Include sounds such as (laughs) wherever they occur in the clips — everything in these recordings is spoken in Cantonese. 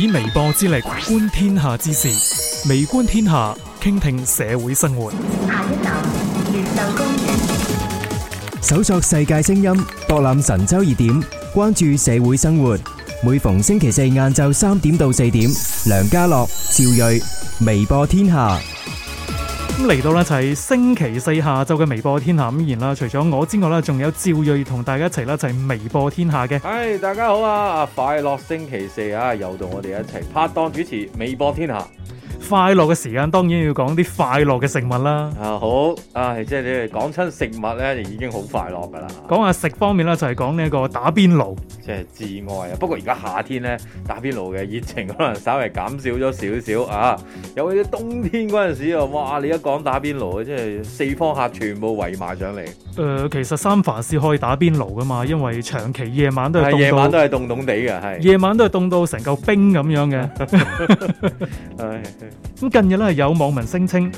以微播之力，觀天下之事，微觀天下，傾聽社會生活。下一集《廉政公署》。搜索世界聲音，博覽神州熱點，關注社會生活。每逢星期四晏晝三點到四點，梁嘉樂、趙睿，微播天下。咁嚟到呢就係星期四下晝嘅微播天下咁然啦，除咗我之外呢仲有趙睿同大家一齊呢就係微播天下嘅。係、哎、大家好啊！快樂星期四啊，又同我哋一齊拍檔主持微播天下。快樂嘅時間當然要講啲快樂嘅食物啦。啊好，啊即係你哋講親食物咧，就已經好快樂噶啦。講下食方面啦，就係講呢一個打邊爐，即係至愛啊。不過而家夏天咧，打邊爐嘅熱情可能稍微減少咗少少啊。有啲冬天嗰陣時啊，哇！你一講打邊爐，即係四方客全部圍埋上嚟。誒、呃，其實三藩市可以打邊爐噶嘛，因為長期夜晚都係夜晚都係凍凍地嘅係，夜晚都係凍到成嚿冰咁樣嘅。嗯 (laughs) (laughs) 咁近日咧，有網民聲稱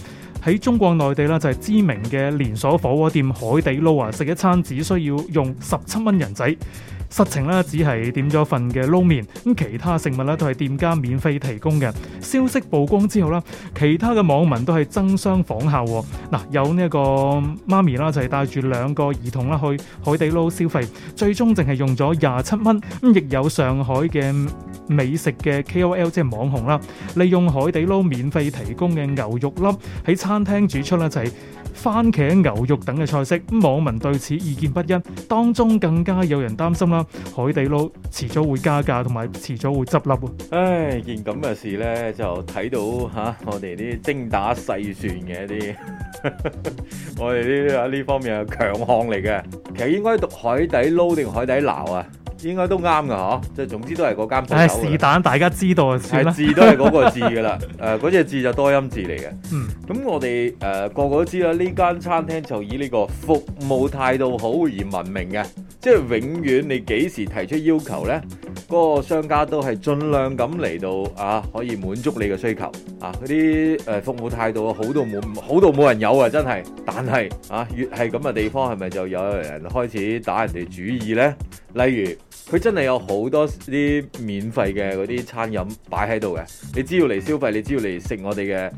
喺中國內地啦，就係知名嘅連鎖火鍋店海底撈啊，食一餐只需要用十七蚊人仔。實情呢，只係點咗份嘅撈麵，咁其他食物咧都係店家免費提供嘅。消息曝光之後啦，其他嘅網民都係爭相仿效。嗱，有呢一個媽咪啦，就係帶住兩個兒童啦去海底撈消費，最終淨係用咗廿七蚊。咁亦有上海嘅。美食嘅 KOL 即係網紅啦，利用海底撈免費提供嘅牛肉粒喺餐廳煮出呢，就係、是、番茄牛肉等嘅菜式，網民對此意見不一，當中更加有人擔心啦，海底撈遲早會加價同埋遲早會執笠。唉，件咁嘅事呢，就睇到嚇、啊、我哋啲精打細算嘅一啲， (laughs) 我哋啲喺呢方面係強項嚟嘅。其實應該讀海底撈定海底撈啊？應該都啱嘅嗬，即係總之都係嗰間鋪頭。係，是但大家知道嘅，算啦。字都係嗰個字嘅啦，誒、 (laughs) 呃、嗰、那、隻、個、字就多音字嚟嘅。嗯。咁我哋誒、呃、個個都知啦，呢間餐廳就以呢個服務態度好而聞名嘅，即係永遠你幾時提出要求咧，嗰、那個商家都係盡量咁嚟到啊，可以滿足你嘅需求啊。嗰啲誒服務態度好到冇好到冇人有啊，真係。但係啊，越係咁嘅地方，係咪就有人開始打人哋主意咧？例如。佢真係有好多啲免費嘅嗰啲餐飲擺喺度嘅，你只要嚟消費，你只要嚟食我哋嘅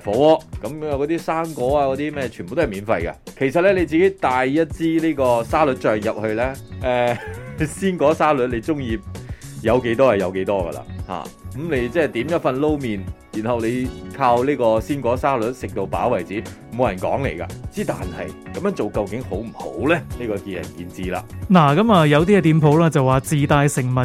誒火鍋，咁樣嗰啲生果啊，嗰啲咩全部都係免費嘅。其實呢，你自己帶一支呢個沙律醬入去呢，誒、呃、鮮果沙律你中意有幾多係有幾多噶啦，嚇、啊！咁你即係點一份撈麵，然後你靠呢個鮮果沙律食到飽為止，冇人講你噶。之但係咁樣做究竟好唔好呢？呢個見仁見智啦。嗱、啊，咁啊有啲嘅店鋪啦就話自帶食物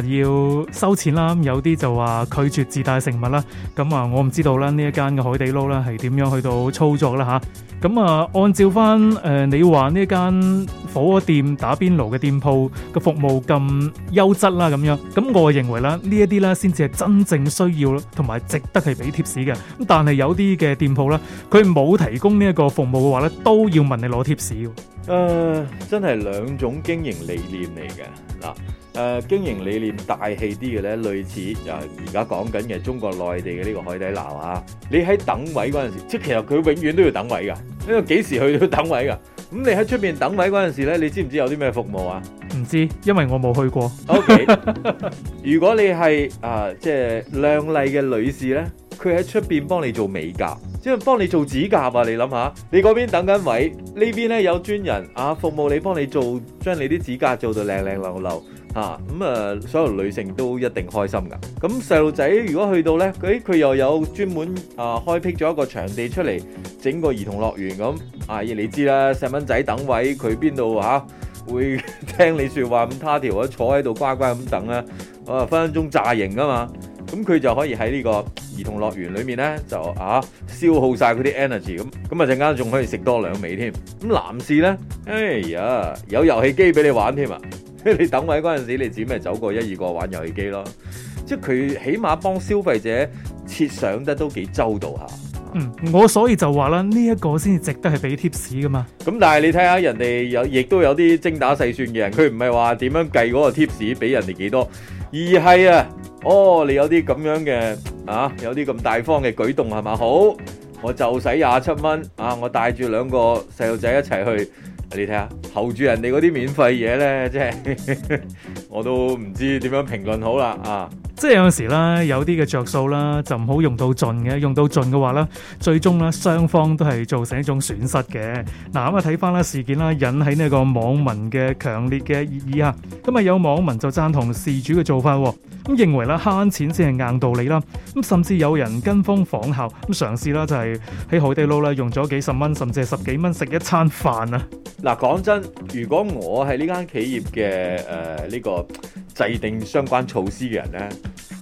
要收錢啦，有啲就話拒絕自帶食物啦。咁啊，我唔知道啦，呢一間嘅海底撈啦係點樣去到操作啦吓。咁啊、嗯，按照翻誒、呃，你話呢間火鍋店打邊爐嘅店鋪嘅服務咁優質啦，咁樣，咁我啊認為啦，呢一啲咧先至係真正需要同埋值得去俾貼士嘅。咁但係有啲嘅店鋪咧，佢冇提供呢一個服務嘅話咧，都要問你攞貼士。誒、呃，真係兩種經營理念嚟嘅嗱。誒，經營理念大氣啲嘅咧，類似啊而家講緊嘅中國內地嘅呢個海底撈啊，你喺等位嗰陣時，即係其實佢永遠都要等位噶，呢個幾時去都等位噶。咁你喺出邊等位嗰陣時咧，你知唔知有啲咩服務啊？唔知，因為我冇去過。OK，如果你係啊，即係靚麗嘅女士咧。佢喺出邊幫你做美甲，即係幫你做指甲啊！你諗下，你嗰邊等緊位，呢邊咧有專人啊服務你，幫你做，將你啲指甲做到靚靚溜溜吓，咁啊、嗯、啊所有女性都一定開心噶。咁細路仔如果去到咧，佢佢又有專門啊開闢咗一個場地出嚟，整個兒童樂園咁啊，啊！你知啦，細蚊仔等位佢邊度吓，會聽你說話咁他條，坐喺度乖乖咁等啊，啊分分鐘炸型噶嘛！咁佢就可以喺呢個兒童樂園裏面咧，就啊消耗晒佢啲 energy，咁咁啊陣間仲可以食多兩味添。咁、啊、男士咧，哎呀有遊戲機俾你玩添啊！ (laughs) 你等位嗰陣時，你只咪走過一二個玩遊戲機咯。即係佢起碼幫消費者設想得都幾周到嚇。啊、嗯，我所以就話啦，呢、這、一個先至值得係俾貼士噶嘛。咁、嗯、但係你睇下人哋有，亦都有啲精打細算嘅人，佢唔係話點樣計嗰個貼士俾人哋幾多。而係啊，哦，你有啲咁樣嘅啊，有啲咁大方嘅舉動係咪？好，我就使廿七蚊啊，我帶住兩個細路仔一齊去，你睇下，候住人哋嗰啲免費嘢咧，即係 (laughs) 我都唔知點樣評論好啦啊！即係有陣時咧，有啲嘅着數啦，就唔好用到盡嘅。用到盡嘅話咧，最終咧雙方都係造成一種損失嘅。嗱咁啊，睇翻啦事件啦，引起呢個網民嘅強烈嘅熱議啊。咁、嗯、啊，有網民就贊同事主嘅做法，咁、嗯、認為咧慳錢先係硬道理啦。咁、嗯、甚至有人跟風仿效，咁嘗試啦就係喺海底撈啦用咗幾十蚊，甚至係十幾蚊食一餐飯啊。嗱，講真，如果我係呢間企業嘅誒呢個制定相關措施嘅人咧。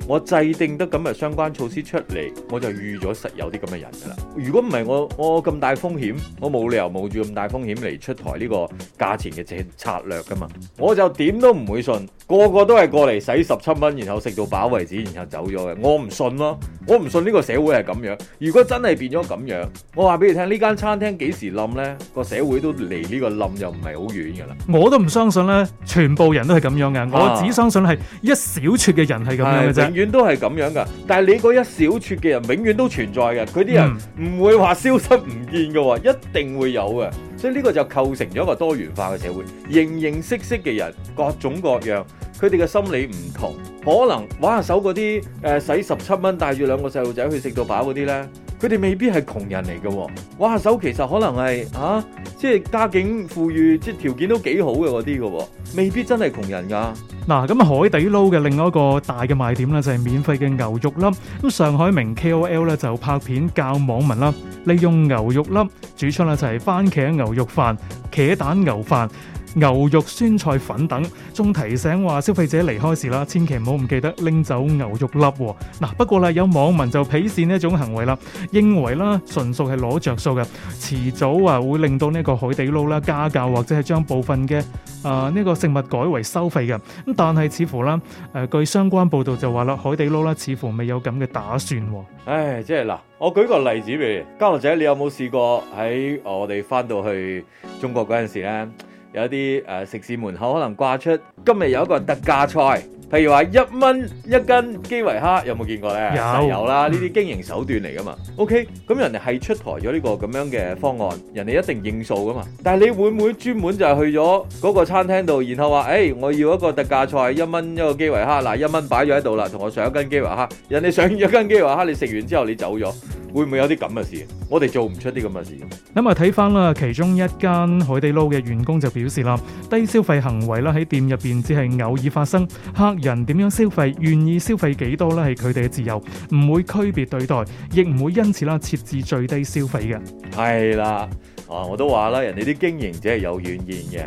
我制定得咁嘅相關措施出嚟，我就預咗實有啲咁嘅人噶啦。如果唔係我我咁大風險，我冇理由冒住咁大風險嚟出台呢個價錢嘅策略噶嘛。我就點都唔會信，個個都係過嚟使十七蚊，然後食到飽為止，然後走咗嘅。我唔信咯，我唔信呢個社會係咁樣。如果真係變咗咁樣，我話俾你聽，呢間餐廳幾時冧呢？個社會都離呢個冧又唔係好遠噶啦。我都唔相信呢，全部人都係咁樣嘅。啊、我只相信係一小撮嘅人係咁樣嘅啫。永遠都係咁樣噶，但係你嗰一小撮嘅人永遠都存在嘅，佢啲人唔會話消失唔見嘅，一定會有嘅。所以呢個就構成咗一個多元化嘅社會，形形色色嘅人，各種各樣，佢哋嘅心理唔同，可能玩下手嗰啲誒，使十七蚊帶住兩個細路仔去食到飽嗰啲呢。佢哋未必係窮人嚟嘅喎，哇手其實可能係嚇、啊，即係家境富裕，即係條件都幾好嘅嗰啲嘅喎，未必真係窮人噶。嗱、啊，咁啊海底撈嘅另外一個大嘅賣點咧就係、是、免費嘅牛肉粒，咁上海名 K O L 咧就拍片教網民啦，利用牛肉粒煮出啦就係、是、蕃茄牛肉飯、茄蛋牛飯。牛肉酸菜粉等，仲提醒話消費者離開時啦，千祈唔好唔記得拎走牛肉粒、哦。嗱、啊，不過啦，有網民就鄙視呢一種行為啦，認為啦，純屬係攞着數嘅，遲早啊會令到呢個海底撈啦加價或者係將部分嘅啊呢個食物改為收費嘅。咁但係似乎啦，誒、呃，據相關報道就話啦，海底撈啦似乎未有咁嘅打算、哦。唉，即係嗱，我舉個例子譬如，嘉樂仔，你有冇試過喺我哋翻到去中國嗰陣時咧？有啲誒、呃、食肆門口可能掛出今日有一個特價菜，譬如話一蚊一斤基圍蝦，有冇見過呢？有，有啦，呢啲經營手段嚟噶嘛。OK，咁人哋係出台咗呢個咁樣嘅方案，人哋一定認數噶嘛。但係你會唔會專門就係去咗嗰個餐廳度，然後話誒、欸、我要一個特價菜一蚊一個基圍蝦，嗱，一蚊擺咗喺度啦，同我上一斤基圍蝦。人哋上咗一斤基圍蝦，你食完之後你走咗。會唔會有啲咁嘅事？我哋做唔出啲咁嘅事。咁啊，睇翻啦，其中一間海底撈嘅員工就表示啦，低消費行為啦，喺店入邊只係偶爾發生。客人點樣消費，願意消費幾多咧，係佢哋嘅自由，唔會區別對待，亦唔會因此啦設置最低消費嘅。係啦，啊，我都話啦，人哋啲經營者係有遠見嘅。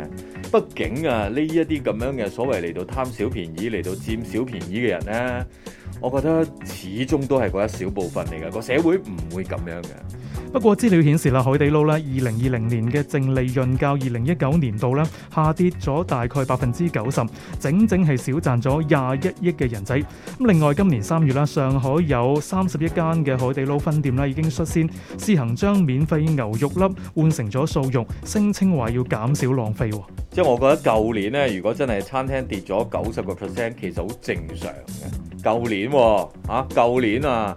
畢竟啊，呢一啲咁樣嘅所謂嚟到貪小便宜、嚟到佔小便宜嘅人咧。我覺得始終都係嗰一小部分嚟㗎，個社會唔會咁樣嘅。不過資料顯示啦，海底撈咧，二零二零年嘅淨利潤較二零一九年度咧下跌咗大概百分之九十，整整係少賺咗廿一億嘅人仔。咁另外今年三月啦，上海有三十一間嘅海底撈分店咧已經率先試行將免費牛肉粒換成咗素肉，聲稱話要減少浪費。即係我覺得舊年呢，如果真係餐廳跌咗九十個 percent，其實好正常嘅。舊年。點喎？嚇、啊！舊年啊，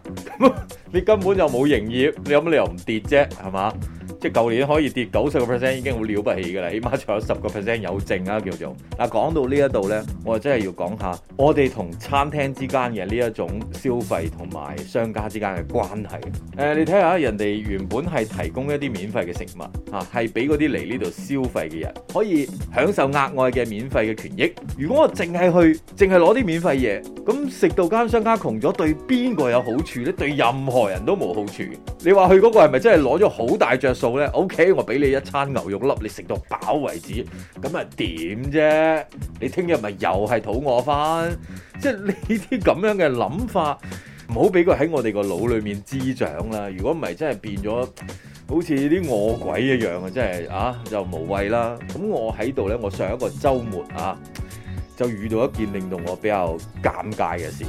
(laughs) 你根本就冇營業，你有乜理由唔跌啫？係嘛？即係舊年可以跌九十個 percent 已經好了不起㗎啦，起碼仲有十個 percent 有剩啊叫做。嗱講到呢一度呢，我真係要講下我哋同餐廳之間嘅呢一種消費同埋商家之間嘅關係。誒、呃，你睇下人哋原本係提供一啲免費嘅食物，嚇係俾嗰啲嚟呢度消費嘅人可以享受額外嘅免費嘅權益。如果我淨係去淨係攞啲免費嘢，咁食到間商家窮咗，對邊個有好處咧？對任何人都冇好處。你話佢嗰個係咪真係攞咗好大著數？o、okay, K，我俾你一餐牛肉粒，你食到飽為止，咁啊點啫？你聽日咪又係肚餓翻，即係呢啲咁樣嘅諗法，唔好俾佢喺我哋個腦裏面滋長啦。如果唔係，真係變咗好似啲餓鬼一樣啊！真係啊，就無謂啦。咁我喺度咧，我上一個周末啊，就遇到一件令到我比較尷尬嘅事。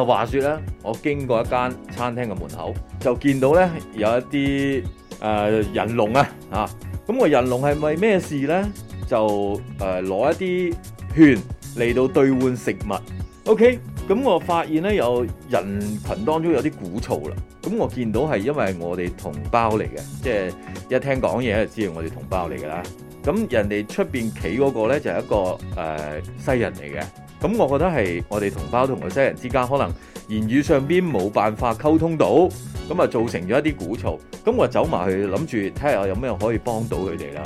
話說咧，我經過一間餐廳嘅門口，就見到咧有一啲。誒、呃、人龍啊，啊，咁我人龍係咪咩事咧？就誒攞、呃、一啲券嚟到兌換食物。OK，咁、嗯、我發現咧有人群當中有啲鼓噪啦。咁、嗯、我見到係因為我哋同胞嚟嘅，即係一聽講嘢就知道我哋同胞嚟噶啦。咁、嗯、人哋出邊企嗰個咧就係、是、一個誒、呃、西人嚟嘅。咁我覺得係我哋同胞同西人之間，可能言語上邊冇辦法溝通到，咁啊造成咗一啲鼓噪。咁我走埋去諗住睇下我有咩可以幫到佢哋啦。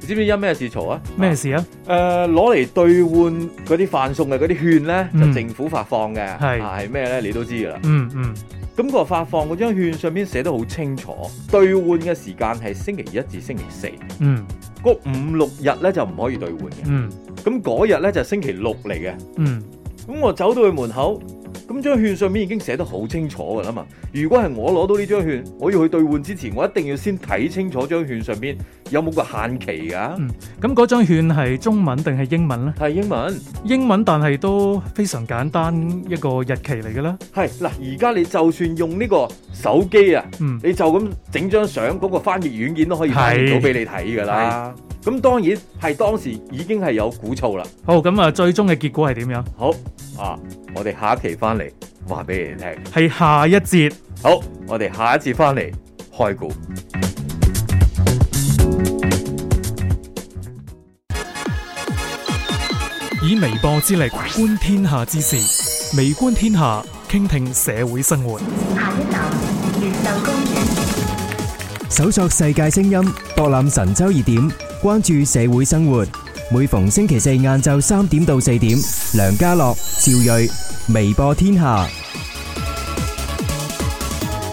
你知唔知因咩事嘈啊？咩事啊？誒攞嚟兌換嗰啲飯餸嘅嗰啲券咧，就政府發放嘅，係咩咧？你都知噶啦、嗯。嗯嗯。咁個發放嗰張券上邊寫得好清楚，兌換嘅時間係星期一至星期四。嗯，個五六日咧就唔可以兌換嘅。嗯，咁嗰日咧就是、星期六嚟嘅。嗯，咁我走到去門口。咁張券上面已經寫得好清楚㗎啦嘛。如果係我攞到呢張券，我要去兌換之前，我一定要先睇清楚張券上邊有冇個限期㗎、啊。嗯，咁嗰張券係中文定係英文咧？係英文，英文但係都非常簡單一個日期嚟㗎啦。係嗱，而家你就算用呢個手機啊，嗯、你就咁整張相，嗰、嗰個翻譯軟件都可以睇到俾你睇㗎啦。咁當然係當時已經係有鼓噪啦。好，咁啊，最終嘅結果係點樣？好啊，我哋下一期翻嚟話俾你聽。係下一節。好，我哋下一節翻嚟開鼓。以微博之力觀天下之事，微觀天下，傾聽社會生活。下一站：越秀公園。搜索世界聲音，博覽神州熱點。關注社會生活，每逢星期四晏晝三點到四點，梁嘉樂、趙睿，微播天下。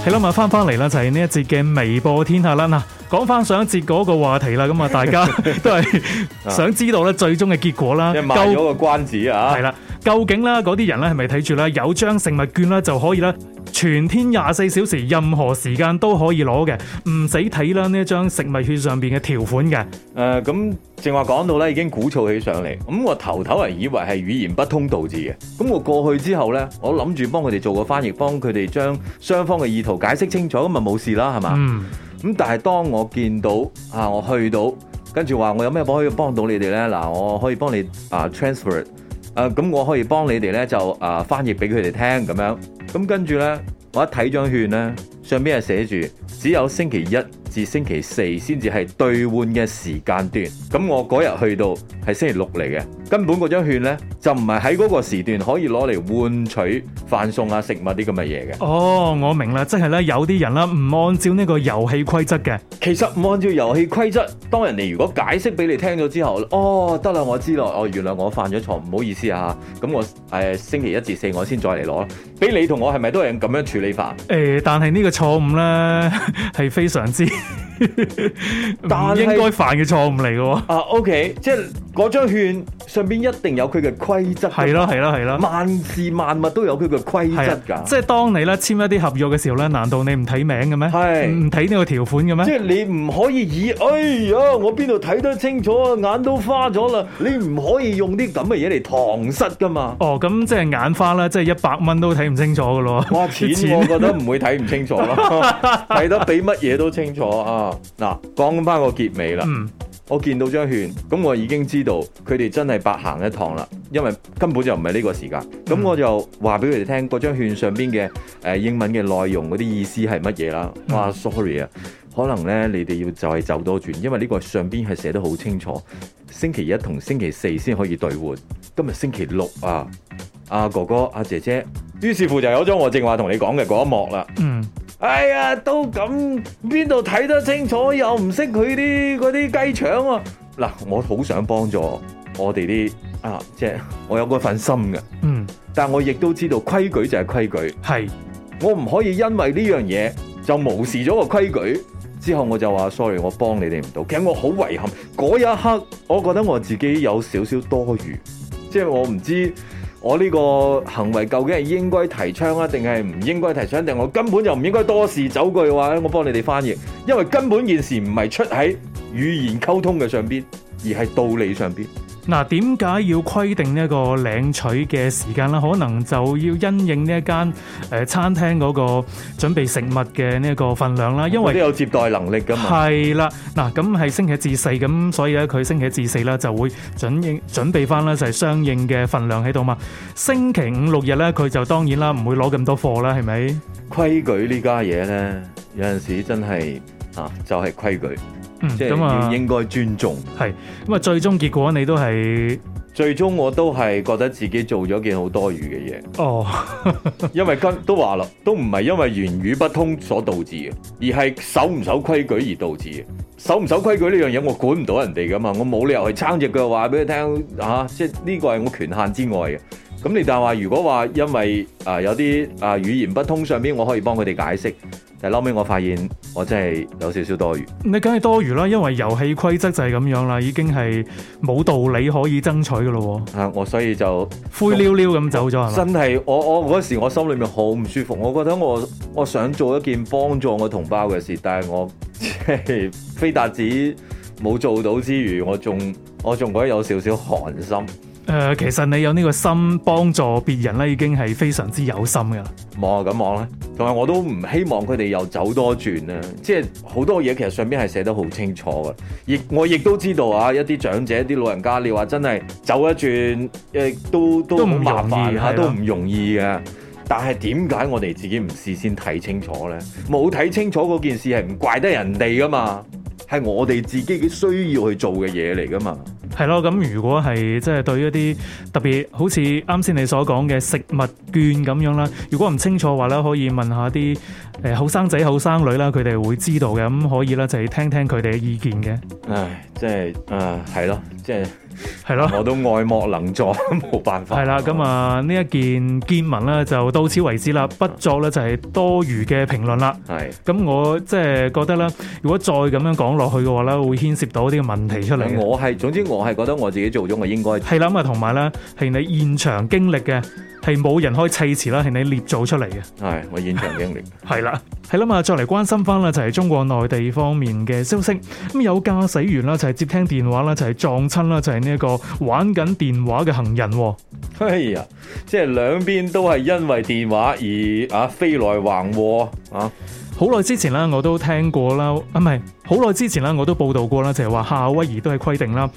係啦，咁 (noise) 啊，翻翻嚟啦，就係、是、呢一節嘅微播天下啦。啊，講翻上一節嗰個話題啦，咁啊，大家都係 (laughs) (laughs) 想知道咧最終嘅結果啦。即係賣咗個關子啊！係啦， (noise) 究竟啦，嗰啲人咧係咪睇住咧有張食物券啦就可以咧？全天廿四小時，任何時間都可以攞嘅，唔使睇啦呢一張食物券上邊嘅條款嘅。誒、呃，咁正話講到咧，已經鼓噪起上嚟。咁我頭頭係以為係語言不通導致嘅。咁我過去之後咧，我諗住幫佢哋做個翻譯，幫佢哋將雙方嘅意圖解釋清楚，咁咪冇事啦，係嘛？咁、嗯、但係當我見到啊，我去到跟住話我有咩可以幫到你哋咧？嗱，我可以幫你啊 transfer。Trans 誒咁、啊、我可以幫你哋咧就誒、啊、翻譯俾佢哋聽咁樣，咁、嗯、跟住咧我一睇張券咧。上邊係寫住只有星期一至星期四先至係兌換嘅時間段，咁我嗰日去到係星期六嚟嘅，根本嗰張券呢就唔係喺嗰個時段可以攞嚟換取飯餸啊食物啲咁嘅嘢嘅。哦，我明啦，即係咧有啲人啦唔按照呢個遊戲規則嘅。其實唔按照遊戲規則，當人哋如果解釋俾你聽咗之後，哦，得啦，我知啦，哦，原來我犯咗錯，唔好意思啊，咁我誒、呃、星期一至四我先再嚟攞啦。俾你同我係咪都係咁樣處理法？誒、欸，但係呢個。錯誤咧，係非常之但應該犯嘅錯誤嚟嘅喎。啊，OK，即係嗰張券上邊一定有佢嘅規則。係啦，係啦，係啦，萬事萬物都有佢嘅規則噶。即係當你咧簽一啲合約嘅時候咧，難道你唔睇名嘅咩？係唔睇呢個條款嘅咩？即係你唔可以以，哎呀，我邊度睇得清楚，眼都花咗啦。你唔可以用啲咁嘅嘢嚟搪塞噶嘛？哦，咁即係眼花啦，即係一百蚊都睇唔清楚嘅咯。我錢，錢 (laughs) 我覺得唔會睇唔清楚咯，睇 (laughs) 得比乜嘢都清楚啊！嗱，講翻個結尾啦。嗯、我見到張券，咁我已經知道佢哋真係白行一趟啦，因為根本就唔係呢個時間。咁我就話俾佢哋聽，嗰張券上邊嘅誒英文嘅內容嗰啲意思係乜嘢啦？哇、嗯、sorry 啊，可能呢，你哋要再走多轉，因為呢個上邊係寫得好清楚，星期一同星期四先可以兌換。今日星期六啊，阿、啊啊、哥哥、阿、啊、姐姐，於是乎就有咗我正話同你講嘅嗰一幕啦。嗯哎呀，都咁邊度睇得清楚，又唔識佢啲嗰啲雞腸啊！嗱，我好想幫助我哋啲啊，即係我有嗰份心嘅。嗯，但我亦都知道規矩就係規矩。係，我唔可以因為呢樣嘢就無視咗個規矩。之後我就話 sorry，我幫你哋唔到，其實我好遺憾。嗰一刻，我覺得我自己有少少多餘，即係我唔知。我呢個行為究竟係應該提倡啊，定係唔應該提倡？定我根本就唔應該多事走過嘅話咧？我幫你哋翻譯，因為根本件事唔係出喺語言溝通嘅上邊，而係道理上邊。嗱，點解、啊、要規定呢一個領取嘅時間咧？可能就要因應呢一間誒、呃、餐廳嗰個準備食物嘅呢一個份量啦，因為都有接待能力噶嘛。係啦，嗱、啊，咁係星期一至四咁，所以咧佢星期一至四咧就會準應準備翻咧，就係、是、相應嘅份量喺度嘛。星期五六日咧，佢就當然啦，唔會攞咁多貨啦，係咪？規矩家呢家嘢咧，有陣時真係啊，就係、是、規矩。嗯、即係要應該尊重，係咁啊！嗯、最終結果你都係最終我都係覺得自己做咗件好多餘嘅嘢。哦， (laughs) 因為跟都話啦，都唔係因為言語不通所導致嘅，而係守唔守規矩而導致嘅。守唔守規矩呢樣嘢我管唔到人哋噶嘛，我冇理由去撐隻腳話俾你聽啊！即係呢個係我權限之外嘅。咁你但係話，如果話因為啊、呃、有啲啊、呃、語言不通上邊我可以幫佢哋解釋，但係後尾我發現我真係有少少多餘。你梗係多餘啦，因為遊戲規則就係咁樣啦，已經係冇道理可以爭取噶咯。啊，我所以就灰溜溜咁走咗係嘛？真係，我我嗰時我心裏面好唔舒服，我覺得我我想做一件幫助我同胞嘅事，但係我即係 (laughs) 非但止冇做到之餘，我仲我仲覺得有少少寒心。誒、呃，其實你有呢個心幫助別人咧，已經係非常之有心噶啦。望就咁望啦，同埋我都唔希望佢哋又走多轉啊！即係好多嘢其實上邊係寫得好清楚嘅，亦我亦都知道啊，一啲長者、啲老人家，你話真係走一轉誒，都都好麻煩吓，都唔容易嘅。但係點解我哋自己唔事先睇清楚咧？冇睇清楚嗰件事係唔怪得人哋噶嘛。係我哋自己嘅需要去做嘅嘢嚟噶嘛？係咯，咁如果係即係對於一啲特別好似啱先你所講嘅食物券咁樣啦，如果唔清楚話咧，可以問下啲誒後生仔後生女啦，佢哋會知道嘅，咁可以啦，就係聽聽佢哋嘅意見嘅。唉，即係啊，係咯，即係。就是係咯，我都愛莫能助，冇辦法。係啦，咁啊呢一件見聞咧，就到此為止啦，不作咧就係、是、多餘嘅評論啦。係的，咁我即係、就是、覺得咧，如果再咁樣講落去嘅話咧，會牽涉到一啲問題出嚟。我係，總之我係覺得我自己做咗，我應該係啦。咁啊，同埋咧，係你現場經歷嘅。係冇人可以砌詞啦，係你捏造出嚟嘅。係、哎、我現場經歷。係啦，係啦嘛，再嚟關心翻啦，就係中國內地方面嘅消息。咁有駕駛員啦，就係接聽電話啦，就係撞親啦，就係呢一個玩緊電話嘅行人。哎呀，即係兩邊都係因為電話而啊飛來橫禍啊！好耐之前啦，我都聽過啦，啊唔係，好耐之前啦，我都報道過啦，就係話夏威夷都係規定啦。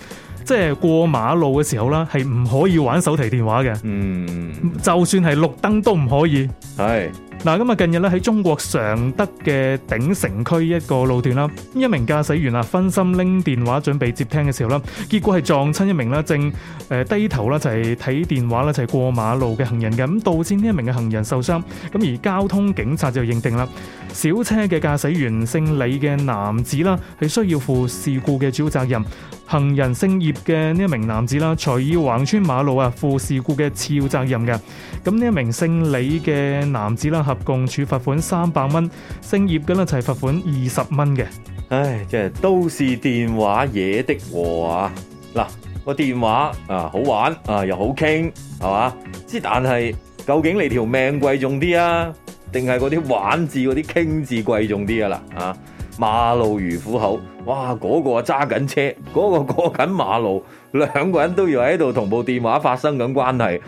即係過馬路嘅時候啦，係唔可以玩手提電話嘅。嗯，mm. 就算係綠燈都唔可以。係。Hey. 嗱，今日近日咧喺中國常德嘅鼎城區一個路段啦，一名駕駛員啊分心拎電話準備接聽嘅時候啦，結果係撞親一名啦正誒低頭啦就係睇電話啦就係過馬路嘅行人嘅，咁導致呢一名嘅行人受傷，咁而交通警察就認定啦，小車嘅駕駛員姓李嘅男子啦係需要負事故嘅主要責任，行人姓葉嘅呢一名男子啦，隨意橫穿馬路啊負事故嘅次要責任嘅，咁呢一名姓李嘅男子啦。合共處罰款三百蚊，星業咁一齊罰款二十蚊嘅。唉，即係都是電話惹的禍啊！嗱，個電話啊好玩啊，又好傾係嘛？之但係究竟你條命貴重啲啊，定係嗰啲玩字嗰啲傾字貴重啲啊啦？啊，馬路如虎口，哇，嗰個揸緊車，嗰個過緊馬路，兩個人都要喺度同部電話發生緊關係，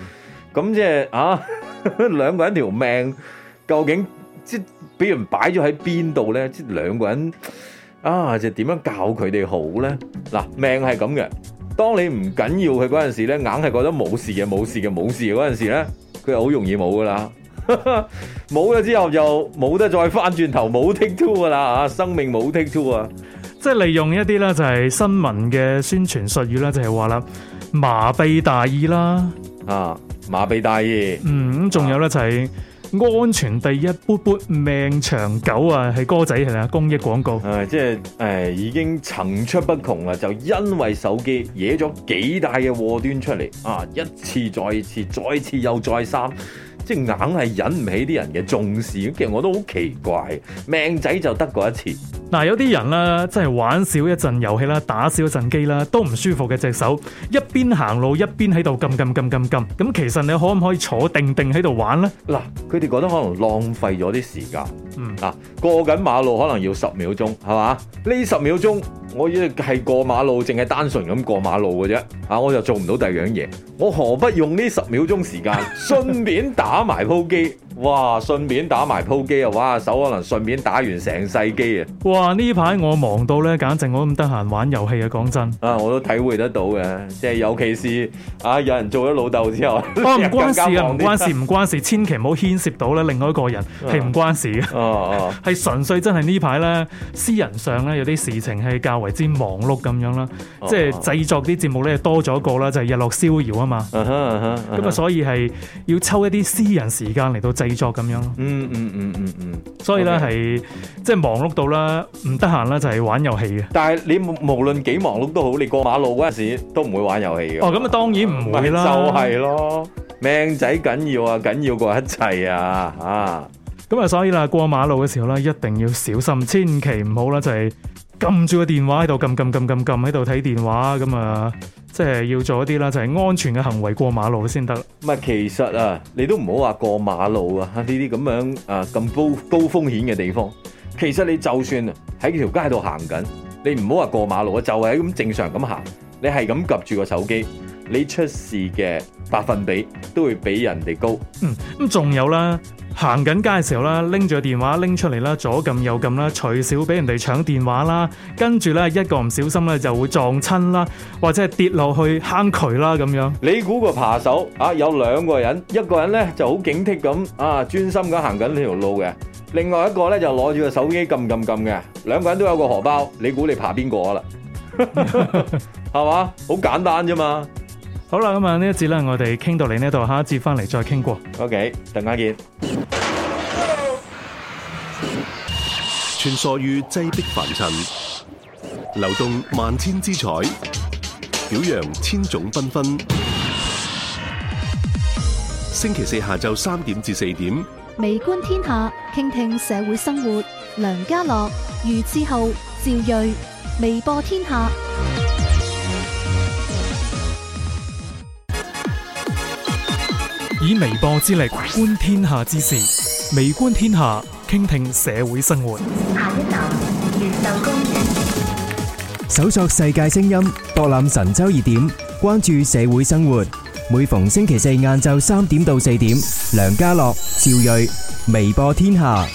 咁即係啊，兩 (laughs) 個人條命。究竟即俾人擺咗喺邊度咧？即係兩個人啊，就點樣教佢哋好咧？嗱、啊，命係咁嘅。當你唔緊要佢嗰陣時咧，硬係覺得冇事嘅，冇事嘅，冇事嘅嗰陣時咧，佢又好容易冇噶啦。冇咗之後就冇得再翻轉頭，冇 take two 噶啦啊！生命冇 take two 啊！即係利用一啲咧就係新聞嘅宣傳術語啦，就係話啦麻痹大意啦啊，麻痹大意。嗯，仲有咧就係。啊安全第一，杯杯命長久啊！係歌仔係啦、啊，公益廣告。誒、呃，即係誒、呃，已經層出不窮啦，就因為手機惹咗幾大嘅禍端出嚟啊！一次再一次，再次又再三。即係硬係引唔起啲人嘅重視，其實我都好奇怪，命仔就得過一次。嗱，有啲人咧、啊，真係玩少一陣遊戲啦，打少一陣機啦，都唔舒服嘅隻手，一邊行路一邊喺度撳撳撳撳撳。咁其實你可唔可以坐定定喺度玩呢？嗱，佢哋覺得可能浪費咗啲時間。嗯。嗱、啊，過緊馬路可能要十秒鐘，係嘛？呢十秒鐘。我依係過馬路，淨係單純咁過馬路嘅啫。啊，我就做唔到第二樣嘢，我何不用呢十秒鐘時間，順便打埋鋪機？哇！順便打埋鋪機啊！哇！手可能順便打完成世機啊！哇！呢排我忙到咧，簡直我都唔得閒玩遊戲啊！講真啊，我都體會得到嘅，即係尤其是啊，有人做咗老豆之後，哇！唔關事啊，唔關事、啊，唔關事，千祈唔好牽涉到咧，另外一個人、啊、係唔關事嘅，哦哦、啊，係、啊、 (laughs) 純粹真係呢排咧私人上咧有啲事情係較為之忙碌咁樣啦，啊啊、即係製作啲節目咧多咗一個啦，就係日落逍遙啊嘛，咁啊，啊，啊所以係要抽一啲私人時間嚟到製寫作咁樣咯，嗯嗯嗯嗯嗯，所以咧係即係忙碌到咧唔得閒咧就係玩遊戲嘅。但係你無論幾忙碌都好，你過馬路嗰陣時都唔會玩遊戲嘅。哦，咁啊當然唔會啦，就係咯，命仔緊要啊，緊要過一切啊，啊，咁啊所以啦，過馬路嘅時候咧一定要小心，千祈唔好啦就係。撳住個電話喺度撳撳撳撳撳喺度睇電話，咁啊，即係要做一啲啦，就係安全嘅行為過馬路先得。唔係，其實啊，你都唔好話過馬路啊，呢啲咁樣啊咁高高風險嘅地方。其實你就算喺條街度行緊，你唔好話過馬路啊，就係咁正常咁行，你係咁 𥄫 住個手機。你出事嘅百分比都會比人哋高。嗯，咁仲有啦，行緊街嘅時候啦，拎住個電話拎出嚟啦，左撳右撳啦，隨少俾人哋搶電話啦，跟住咧一個唔小心咧就會撞親啦，或者係跌落去坑渠啦咁樣。你估個扒手啊？有兩個人，一個人咧就好警惕咁啊，專心咁行緊呢條路嘅，另外一個咧就攞住個手機撳撳撳嘅，兩個人都有個荷包，你估你扒邊個啦？係嘛？好簡單啫嘛～好啦，咁啊呢一節咧，我哋傾到你呢度，下一節翻嚟再傾過。OK，大家見。穿梭於擠逼凡塵，流動萬千姿彩，表揚千種繽紛。星期四下晝三點至四點，微觀天下，傾聽社會生活。梁家樂、余志浩、趙睿，睿，微播天下。以微博之力觀天下之事，微觀天下，傾聽社會生活。搜索世界聲音，博覽神州熱點，關注社會生活。每逢星期四晏晝三點到四點，梁嘉樂、趙睿，微博天下。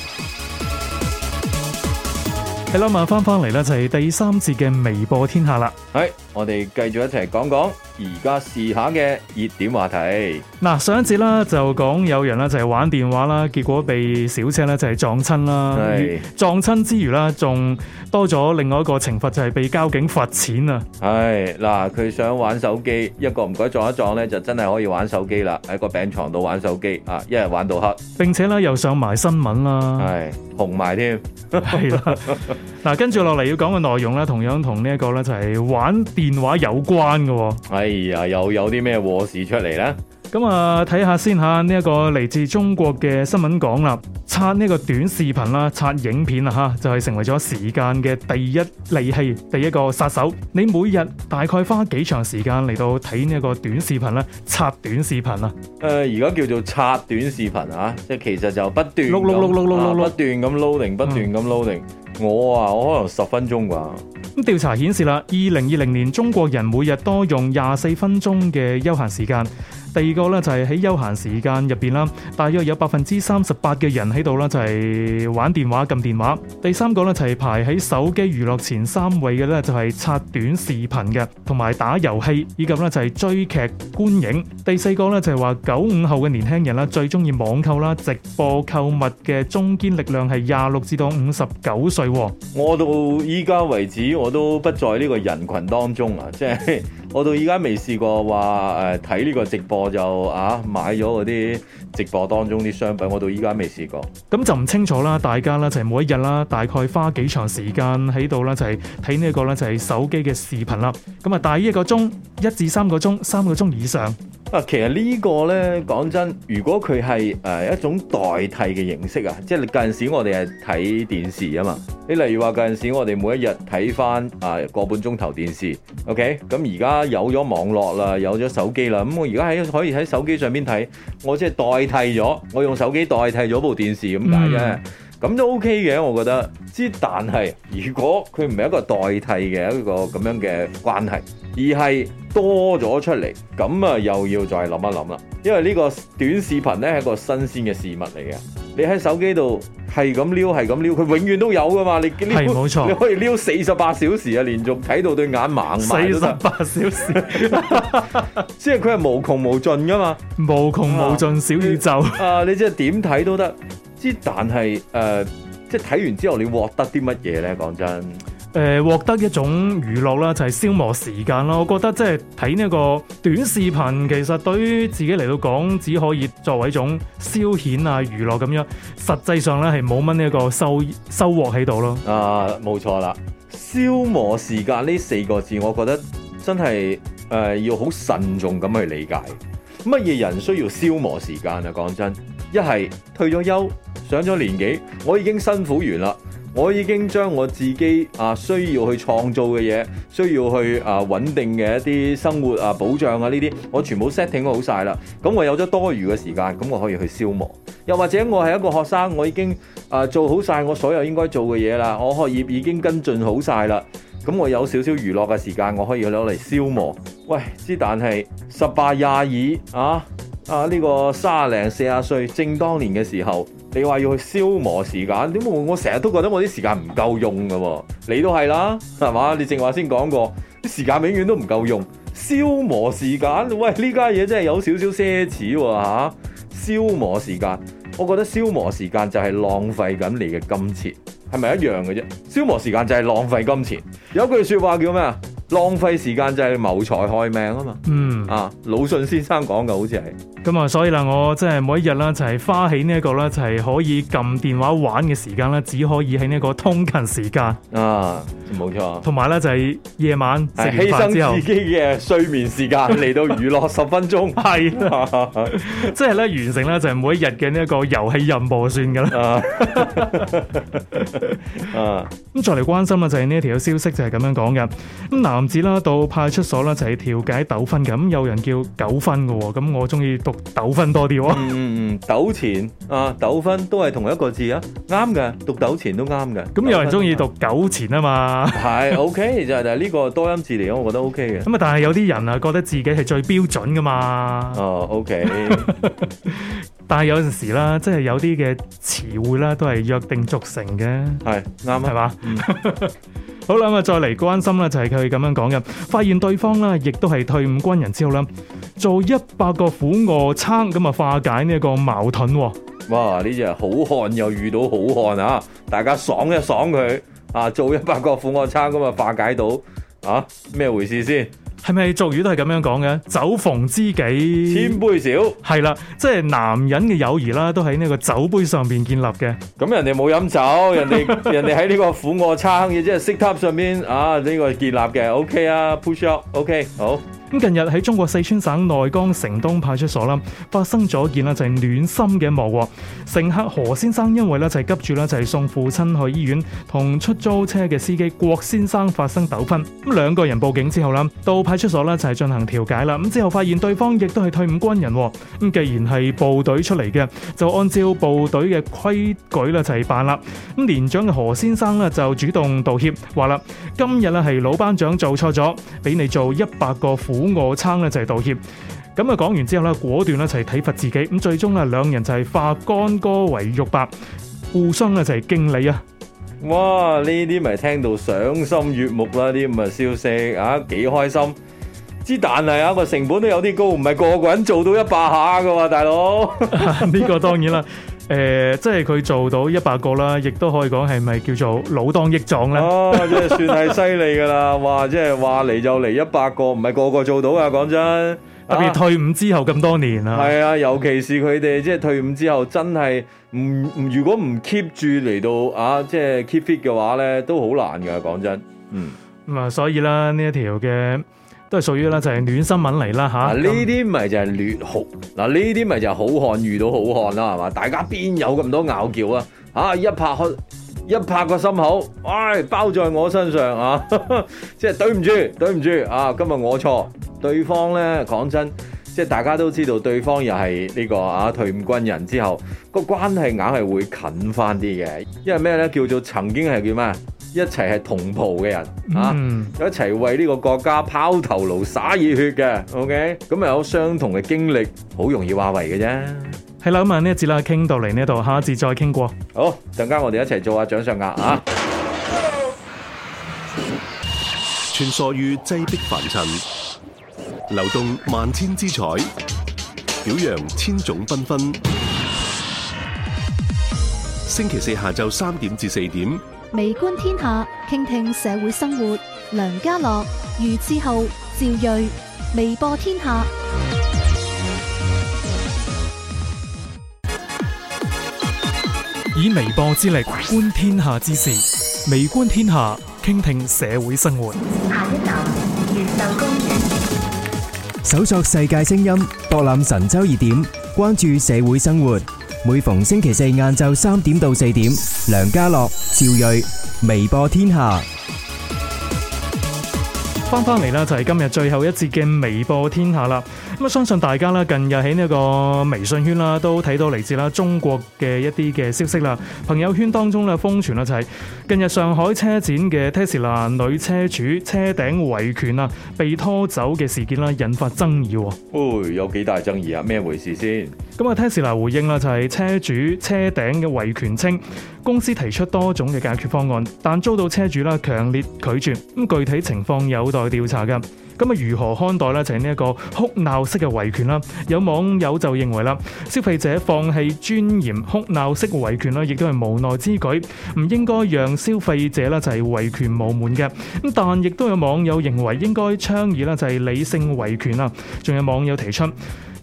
係啦，咁 (noise) 啊樂，翻翻嚟啦，就係第三節嘅微博天下啦。係。我哋繼續一齊講講而家時下嘅熱點話題。嗱，上一節啦就講有人啦就係玩電話啦，結果被小車咧就係撞親啦。係是撞親之餘啦，仲多咗另外一個懲罰就係、是、被交警罰錢啊。係嗱，佢想玩手機，一個唔該撞一撞咧，就真係可以玩手機啦。喺個病床度玩手機啊，一日玩到黑，並且咧又上埋新聞啦，係紅埋添。係啦的。 (laughs) 嗱，跟住落嚟要講嘅內容咧，同樣同呢一個咧就係玩電話有關嘅。哎呀，又有啲咩禍事出嚟呢？咁啊，睇下、嗯、先吓呢一個嚟自中國嘅新聞講啦，刷呢個短視頻啦，刷影片啦，吓就係、是、成為咗時間嘅第一利器，第一個殺手。你每日大概花幾長時間嚟到睇呢一個短視頻咧？刷短視頻啊？誒、呃，而家叫做刷短視頻啊，即係其實就不斷碌碌碌碌碌碌不斷咁 loading 不斷咁 loading、嗯、我啊，我可能十分鐘啩。咁、嗯、調查顯示啦，二零二零年中國人每日多用廿四分鐘嘅休閒時間。第二個咧，就係喺休閒時間入邊啦，大約有百分之三十八嘅人喺度啦，就係玩電話撳電話。第三個咧，就係排喺手機娛樂前三位嘅咧，就係刷短視頻嘅，同埋打遊戲，以及咧就係追劇觀影。第四個咧，就係話九五後嘅年輕人啦，最中意網購啦，直播購物嘅中堅力量係廿六至到五十九歲。我到依家為止，我都不在呢個人群當中啊，即係。 (laughs) 我到依家未試過話誒睇呢個直播就啊買咗嗰啲直播當中啲商品，我到依家未試過。咁就唔清楚啦，大家啦就係每一日啦，大概花幾長時間喺度啦，就係睇呢一個啦，就係手機嘅視頻啦。咁啊大於一個鐘，一至三個鐘，三個鐘以上。啊，其實呢個呢，講真，如果佢係誒一種代替嘅形式啊，即係嗰陣時我哋係睇電視啊嘛。你例如話嗰陣時我哋每一日睇翻啊個半鐘頭電視，OK。咁而家有咗網絡啦，有咗手機啦，咁我而家喺可以喺手機上邊睇，我即係代替咗，我用手機代替咗部電視咁解嘅。嗯。咁都 OK 嘅，我覺得。之但係，如果佢唔係一個代替嘅一個咁樣嘅關係，而係多咗出嚟，咁啊又要再諗一諗啦。因為呢個短視頻咧係一個新鮮嘅事物嚟嘅。你喺手機度係咁撩，係咁撩，佢永遠都有噶嘛。你係冇錯，錯你可以撩四十八小時啊，連續睇到對眼盲。四十八小時， (laughs) (laughs) 即係佢係無窮無盡噶嘛，無窮無盡小宇宙啊,啊,啊！你即係點睇都得。之但係，誒、呃，即係睇完之後，你獲得啲乜嘢咧？講真，誒、呃，獲得一種娛樂啦，就係、是、消磨時間咯。我覺得即係睇呢個短視頻，其實對於自己嚟到講，只可以作為一種消遣啊、娛樂咁樣。實際上咧，係冇乜呢個收收穫喺度咯。啊，冇錯啦，消磨時間呢四個字，我覺得真係誒、呃、要好慎重咁去理解。乜嘢人需要消磨時間啊？講真。一係退咗休，上咗年紀，我已經辛苦完啦，我已經將我自己啊需要去創造嘅嘢，需要去，需要去啊穩定嘅一啲生活啊保障啊呢啲，我全部 setting 好晒啦。咁我有咗多餘嘅時間，咁我可以去消磨。又或者我係一個學生，我已經啊做好晒我所有應該做嘅嘢啦，我學業已經跟進好晒啦。咁我有少少娛樂嘅時間，我可以攞嚟消磨。喂，之但係十八廿二啊啊呢、這個三零四廿歲正當年嘅時候，你話要去消磨時間，點解我我成日都覺得我啲時間唔夠用噶、啊。你都係啦，係嘛？你正話先講過，啲時間永遠都唔夠用，消磨時間。喂，呢家嘢真係有少少奢侈喎。消磨時間。我覺得消磨時間就係浪費緊你嘅金錢，係咪一樣嘅啫？消磨時間就係浪費金錢。有句説話叫咩啊？浪費時間就係謀財害命啊嘛，嗯啊，魯迅先生講嘅好似係咁啊，所以啦，我即係每一日啦，就係花起呢一個啦，就係可以撳電話玩嘅時間啦，只可以喺呢個通勤時間啊，冇錯，同埋咧就係夜晚食完飯之後犧牲自己嘅睡眠時間嚟到娛樂十分鐘，係 (laughs) (laughs) (laughs) 即係咧完成咧就係每一日嘅呢一個遊戲任務算噶啦，啊，咁再嚟關心啊就係呢一條消息就係咁樣講嘅，咁嗱。男子啦，到派出所啦，就係調解糾紛咁，有人叫糾紛嘅，咁我中意讀糾紛多啲。嗯嗯，糾纏啊，糾紛都係同一個字啊，啱嘅，讀糾纏都啱嘅。咁有人中意讀糾纏啊嘛，係 OK，就係呢個多音字嚟講，我覺得 OK 嘅。咁啊，但係有啲人啊，覺得自己係最標準噶嘛。哦，OK。但係有陣時啦，即係有啲嘅詞彙啦，都係約定俗成嘅，係啱係嘛？吧嗯、 (laughs) 好啦，咁啊，再嚟關心啦，就係佢咁樣講嘅，發現對方啦，亦都係退伍軍人之後啦，做一百個俯臥撐，咁啊化解呢一個矛盾。哇！呢只係好漢又遇到好漢啊！大家爽一爽佢啊，做一百個俯臥撐，咁啊化解到啊咩回事先？係咪俗語都係咁樣講嘅？酒逢知己千杯少，係啦，即係男人嘅友誼啦，都喺呢個酒杯上邊建立嘅。咁 (laughs) 人哋冇飲酒，人哋人哋喺呢個俯臥撐，亦 (laughs) 即係 set up 上邊啊呢、這個建立嘅。OK 啊，push up，OK、OK，好。咁近日喺中國四川省內江城東派出所啦，發生咗件啦就係暖心嘅一幕。乘客何先生因為咧就係急住啦就係送父親去醫院，同出租車嘅司機郭先生發生糾紛。咁兩個人報警之後啦，到派出所啦就係進行調解啦。咁之後發現對方亦都係退伍軍人，咁既然係部隊出嚟嘅，就按照部隊嘅規矩啦就係辦啦。咁年長嘅何先生咧就主動道歉，話啦今日咧係老班長做錯咗，俾你做一百個俯。好餓撐咧就係道歉，咁啊講完之後咧果斷咧就係體罰自己，咁最終咧兩人就係化干戈為玉帛，互相咧就係敬禮啊！哇，呢啲咪聽到賞心悦目啦，呢啲咁嘅消息啊，幾開心！之但係啊個成本都有啲高，唔係個個人做到一百下噶嘛，大佬呢個當然啦。.誒、呃，即係佢做到一百個啦，亦都可以講係咪叫做老當益壯咧？哦、啊，即係算係犀利噶啦！ (laughs) 哇，即係話嚟就嚟一百個，唔係個個做到噶。講真，特別別、啊、退伍之後咁多年啦。係啊，啊，尤其是佢哋即係退伍之後真，真係唔，如果唔 keep 住嚟到啊，即、就、係、是、keep fit 嘅話咧，都好難噶。講真，嗯，咁啊，所以啦，呢一條嘅。都係屬於咧，就係暖新聞嚟啦嚇。呢啲咪就係暖好，嗱呢啲咪就係好漢遇到好漢啦，係嘛？大家邊有咁多拗撬啊？嚇、啊、一拍，一拍個心口，唉、哎，包在我身上啊！即 (laughs) 係對唔住，對唔住啊！今日我錯，對方咧講真，即係大家都知道，對方又係呢個啊退伍軍人之後，個關係硬係會近翻啲嘅。因為咩咧？叫做曾經係叫咩？一齊係同袍嘅人、嗯、啊，一齊為呢個國家拋頭顱灑熱血嘅，OK，咁啊有相同嘅經歷，好容易話為嘅啫。係啦，咁啊呢一節啦傾到嚟呢度，下一節再傾過。好，陣間我哋一齊做下、啊、掌上壓啊！穿梭於擠逼凡塵，流動萬千之彩，表揚千種繽紛，紛。星期四下晝三點至四點。微觀天下，傾聽社會生活。梁嘉樂、余志浩、趙睿，微播天下，以微播之力觀天下之事。微觀天下，傾聽社會生活。下一集：越秀公園，搜索世界聲音，博覽神州熱點，關注社會生活。每逢星期四晏晝三點到四點，梁嘉樂、趙睿微播天下，返返嚟啦，就係、是、今日最後一節嘅微播天下啦。咁相信大家啦，近日喺呢個微信圈啦，都睇到嚟自啦中國嘅一啲嘅消息啦。朋友圈當中咧瘋傳啦，就係近日上海車展嘅 Tesla 女車主車頂維權啊，被拖走嘅事件啦，引發爭議。哦，有幾大爭議啊？咩回事先？咁啊，Tesla 回應啦，就係車主車頂嘅維權稱，稱公司提出多種嘅解決方案，但遭到車主啦強烈拒絕。咁具體情況有待調查噶。咁啊，如何看待呢？就係呢一個哭鬧式嘅維權啦。有網友就認為啦，消費者放棄尊嚴哭鬧式維權啦，亦都係無奈之舉，唔應該讓消費者呢就係維權無門嘅。咁但亦都有網友認為應該倡議呢就係理性維權啦。仲有網友提出。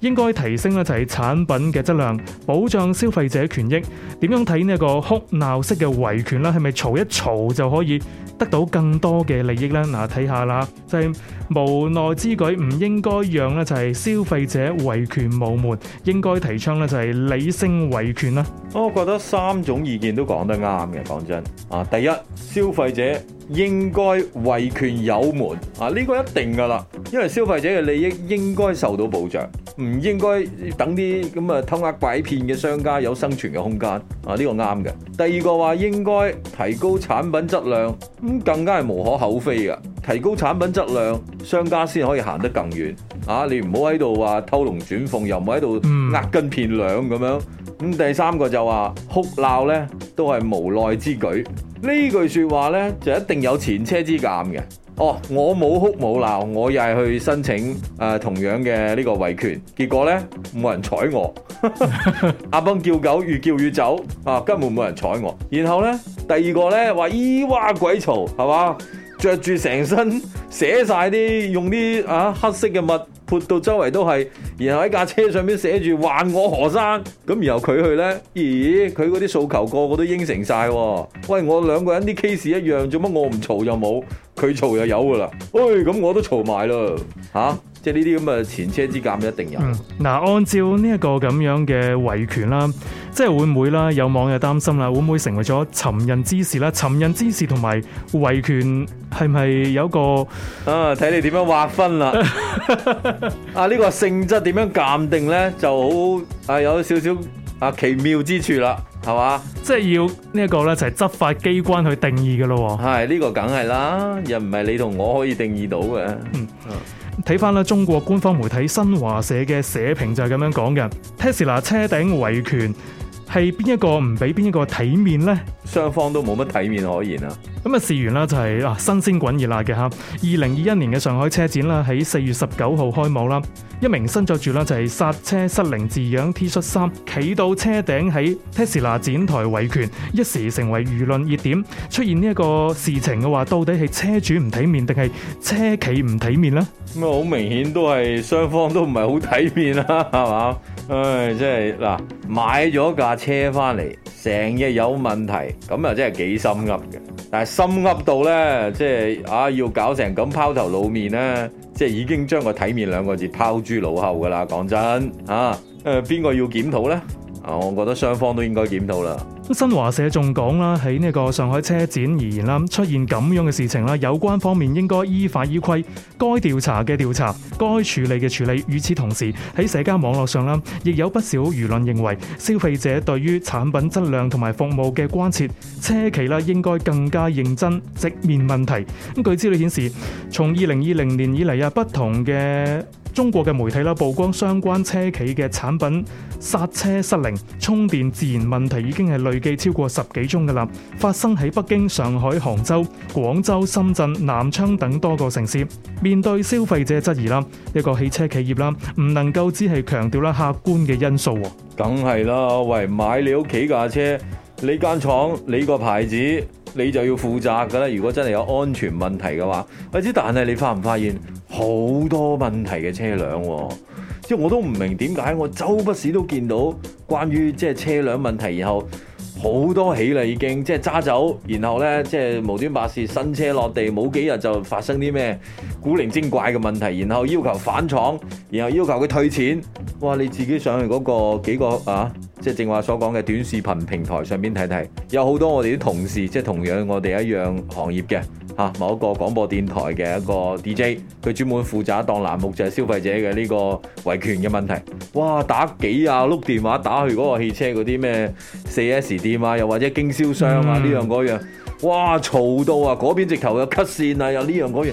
應該提升咧就係產品嘅質量，保障消費者權益。點樣睇呢個哭鬧式嘅維權啦？係咪嘈一嘈就可以得到更多嘅利益呢？嗱，睇下啦，就係無奈之舉，唔應該讓咧就係消費者維權無門。應該提倡咧就係理性維權啦。我覺得三種意見都講得啱嘅，講真啊，第一消費者。應該維權有門啊！呢個一定噶啦，因為消費者嘅利益應該受到保障，唔應該等啲咁啊偷呃拐騙嘅商家有生存嘅空間啊！呢個啱嘅。第二個話應該提高產品質量，咁更加係無可厚非嘅。提高產品質量，商家先可以行得更遠。啊，你唔好喺度話偷龍轉鳳，又唔好喺度呃斤騙兩咁樣。咁第三個就話哭鬧咧都係無奈之舉，句呢句説話咧就一定有前車之鑑嘅。哦，我冇哭冇鬧，我又係去申請誒、呃、同樣嘅呢個維權，結果咧冇人睬我。 (laughs) 阿邦叫狗越叫越走啊，根本冇人睬我。然後咧第二個咧話咿哇鬼嘈係嘛，著住成身寫晒啲用啲啊黑色嘅物。潑到周圍都係，然後喺架車上面寫住「還我何生」。咁然後佢去呢？咦？佢嗰啲訴求個個都應承晒喎。喂，我兩個人啲 case 一樣，做乜我唔嘈又冇？佢嘈又有噶啦，喂，咁我都嘈埋咯，吓、啊，即係呢啲咁嘅前車之鑑一定有。嗱、嗯，按照呢一個咁樣嘅維權啦，即係會唔會啦？有網友擔心啦，會唔會成為咗尋釁滋事咧？尋釁滋事同埋維權係咪有個啊？睇你點樣劃分啦、 (laughs) 啊這個？啊，呢個性質點樣鑑定咧，就好啊，有少少。啊，奇妙之處啦，係嘛？即係要呢一個咧，就係執法機關去定義嘅咯。係呢個梗係啦，又唔係你同我可以定義到嘅。嗯，睇翻啦，中國官方媒體新華社嘅社評就係咁樣講嘅，Tesla 車頂維權。係邊一個唔俾邊一個體面呢？雙方都冇乜體面可言。嗯事就是，啊。咁啊，事緣啦就係嗱，新鮮滾熱辣嘅吓，二零二一年嘅上海車展啦，喺四月十九號開幕啦。一名新車主啦就係剎車失靈，字樣 T 恤衫，企到車頂喺 Tesla 展台維權，一時成為輿論熱點。出現呢一個事情嘅話，到底係車主唔體面定係車企唔體面呢？咁啊，嗯，好明顯都係雙方都唔係好體面啦，係嘛？唉，真係嗱，買咗架車翻嚟成日有問題，咁啊真係幾心噏嘅。但係心噏到呢，即係啊要搞成咁拋頭露面咧，即係已經將個體面兩個字拋諸腦後噶啦。講真，吓誒邊個要檢討呢？啊，我覺得雙方都應該檢討啦。新華社仲講啦，喺呢個上海車展而言啦，出現咁樣嘅事情啦，有關方面應該依法依規，該調查嘅調查，該處理嘅處理。與此同時，喺社交網絡上啦，亦有不少輿論認為，消費者對於產品質量同埋服務嘅關切，車企啦應該更加認真，直面問題。咁據資料顯示，從二零二零年以嚟啊，不同嘅，中國嘅媒體啦，曝光相關車企嘅產品剎車失靈、充電自燃問題已經係累計超過十幾宗噶啦。發生喺北京、上海、杭州、廣州、深圳、南昌等多個城市。面對消費者質疑啦，一個汽車企業啦，唔能夠只係強調啦，客觀嘅因素，梗係啦，喂，買你屋企架車，你間廠，你個牌子，你就要負責㗎啦！如果真係有安全問題嘅話，喂但係你發唔發現好多問題嘅車輛，哦？即係我都唔明點解，我周不時都見到關於即係車輛問題，然後，好多起啦，已經即係揸走，然後咧即係無端白事，新車落地冇幾日就發生啲咩古靈精怪嘅問題，然後要求返廠，然後要求佢退錢。哇！你自己上去嗰個幾個啊，即係正話所講嘅短視頻平台上面睇睇，有好多我哋啲同事即係同樣我哋一樣行業嘅。啊！某一個廣播電台嘅一個 DJ，佢專門負責一檔欄目就係消費者嘅呢個維權嘅問題。哇！打幾啊碌電話打去嗰個汽車嗰啲咩四 S 店啊，又或者經銷商啊呢樣嗰樣。哇！嘈到啊，嗰邊直頭有 cut 線啊，又呢樣嗰樣。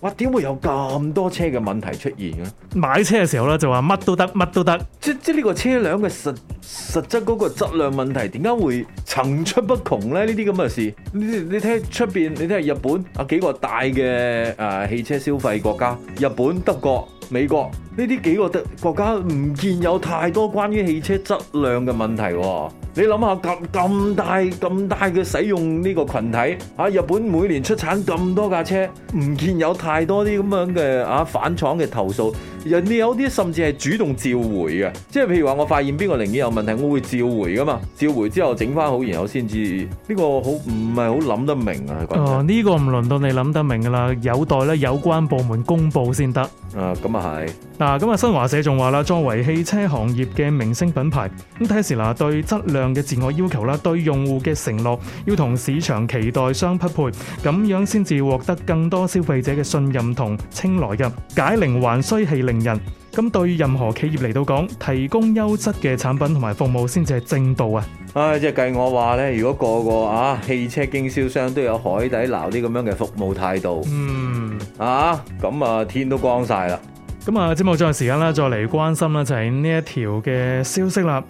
話點會有咁多車嘅問題出現咧？買車嘅時候咧就話乜都得，乜都得。即即呢個車輛嘅實實質嗰個質量問題點解會層出不窮咧？呢啲咁嘅事，你你睇下出邊，你睇下日本啊幾個大嘅誒、呃、汽車消費國家，日本、德國、美國呢啲幾個德國家唔見有太多關於汽車質量嘅問題、哦。你諗下咁咁大咁大嘅使用呢個群體，啊日本每年出產咁多架車，唔見有。有太多啲咁樣嘅啊、反廠嘅投訴。人哋有啲甚至係主動召回嘅，即係譬如話，我發現邊個零件有問題，我會召回噶嘛。召回之後整翻好，然後先至呢個好唔係好諗得明啊。這個、哦，呢、這個唔輪到你諗得明噶啦，有待咧有關部門公布先得。啊，咁啊係。嗱，咁啊，新華社仲話啦，作為汽車行業嘅明星品牌，Tesla，對質量嘅自我要求啦，對用戶嘅承諾，要同市場期待相匹配，咁樣先至獲得更多消費者嘅信任同青睞嘅。解鈴還需繫鈴。人咁，對任何企業嚟到講，提供優質嘅產品同埋服務先至係正道啊！唉、啊，即係計我話咧，如果個個啊汽車經銷商都有海底撈啲咁樣嘅服務態度，嗯啊，咁啊天都光晒啦！咁啊，節目再時間啦，再嚟關心啦，就係呢一條嘅消息啦！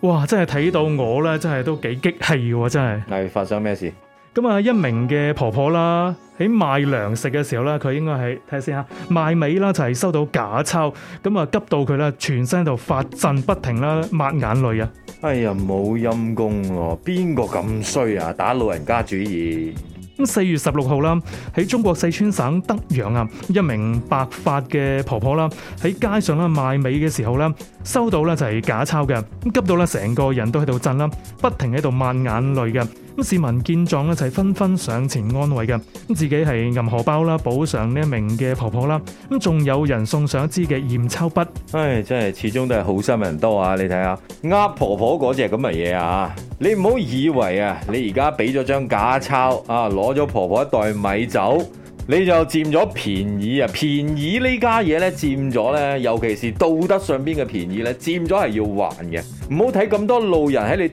哇，真係睇到我咧，真係都幾激氣嘅、啊，真係係發生咩事？咁啊，一名嘅婆婆啦，喺賣糧食嘅時候咧，佢應該係睇下先吓，賣米啦就係、是、收到假鈔，咁啊急到佢啦，全身喺度發震不停啦，抹眼淚啊！哎呀、哦，冇陰功咯，邊個咁衰啊，打老人家主意？咁四月十六號啦，喺中國四川省德陽啊，一名白髮嘅婆婆啦，喺街上啦賣米嘅時候咧，收到咧就係假鈔嘅，咁急到咧成個人都喺度震啦，不停喺度抹眼淚嘅。咁市民見狀咧，就係紛紛上前安慰嘅。咁自己係銀荷包啦，補償呢一名嘅婆婆啦。咁仲有人送上一支嘅驗鈔筆。唉，真係始終都係好心人多啊！你睇下，呃，婆婆嗰隻咁嘅嘢啊，你唔好以為啊，你而家俾咗張假鈔啊，攞咗婆婆一袋米酒。你就佔咗便宜啊！便宜呢家嘢咧佔咗咧，尤其是道德上邊嘅便宜咧佔咗係要還嘅。唔好睇咁多路人喺你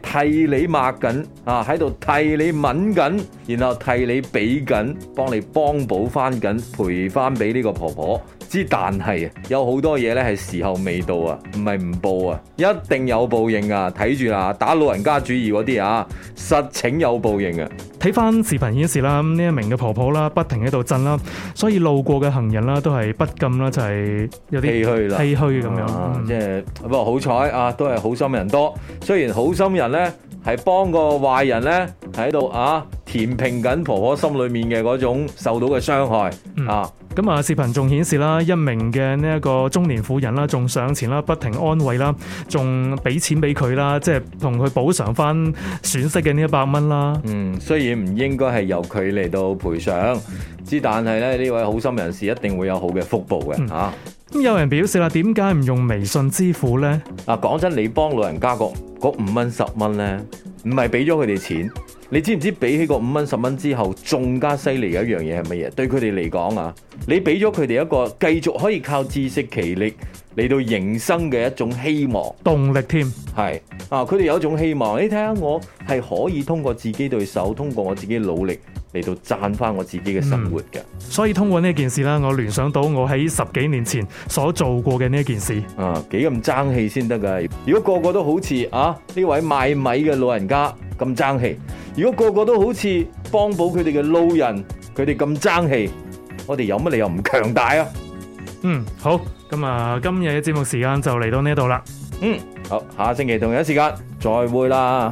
替你抹緊啊，喺度替你敏緊，然後替你俾緊，幫你幫補翻緊，賠翻俾呢個婆婆。之，但係有好多嘢咧，係時候未到啊，唔係唔報啊，一定有報應啊！睇住啦，打老人家主意嗰啲啊，實情有報應啊！睇翻視頻顯示啦，呢一名嘅婆婆啦，不停喺度震啦，所以路過嘅行人啦，都係不禁啦，就係、是、有啲唏噓啦，唏噓咁樣。即係、啊嗯、不過好彩啊，都係好心人多。雖然好心人咧係幫個壞人咧喺度啊，填平緊婆婆心裡面嘅嗰種受到嘅傷害、嗯、啊。咁啊！視頻仲顯示啦，一名嘅呢一個中年婦人啦，仲上前啦，不停安慰啦，仲俾錢俾佢啦，即係同佢補償返損失嘅呢一百蚊啦。嗯，雖然唔應該係由佢嚟到賠償，之但係咧呢位好心人士一定會有好嘅福報嘅嚇。咁、啊嗯、有人表示啦，點解唔用微信支付呢？啊，講真，你幫老人家個嗰五蚊十蚊呢，唔係俾咗佢哋錢。你知唔知比起個五蚊十蚊之後，仲加犀利嘅一樣嘢係乜嘢？對佢哋嚟講啊，你俾咗佢哋一個繼續可以靠自食其力嚟到營生嘅一種希望、動力添。係啊，佢哋有一種希望，你睇下我係可以通過自己對手，通過我自己努力。嚟到賺翻我自己嘅生活嘅。嗯，所以通過呢件事啦，我聯想到我喺十幾年前所做過嘅呢件事。啊，幾咁爭氣先得噶！如果個個都好似啊呢位賣米嘅老人家咁爭氣，如果個個都好似幫補佢哋嘅路人，佢哋咁爭氣，我哋有乜理由唔強大啊？嗯，好，咁啊今日嘅節目時間就嚟到呢度啦。嗯，好，下星期同樣時間再會啦。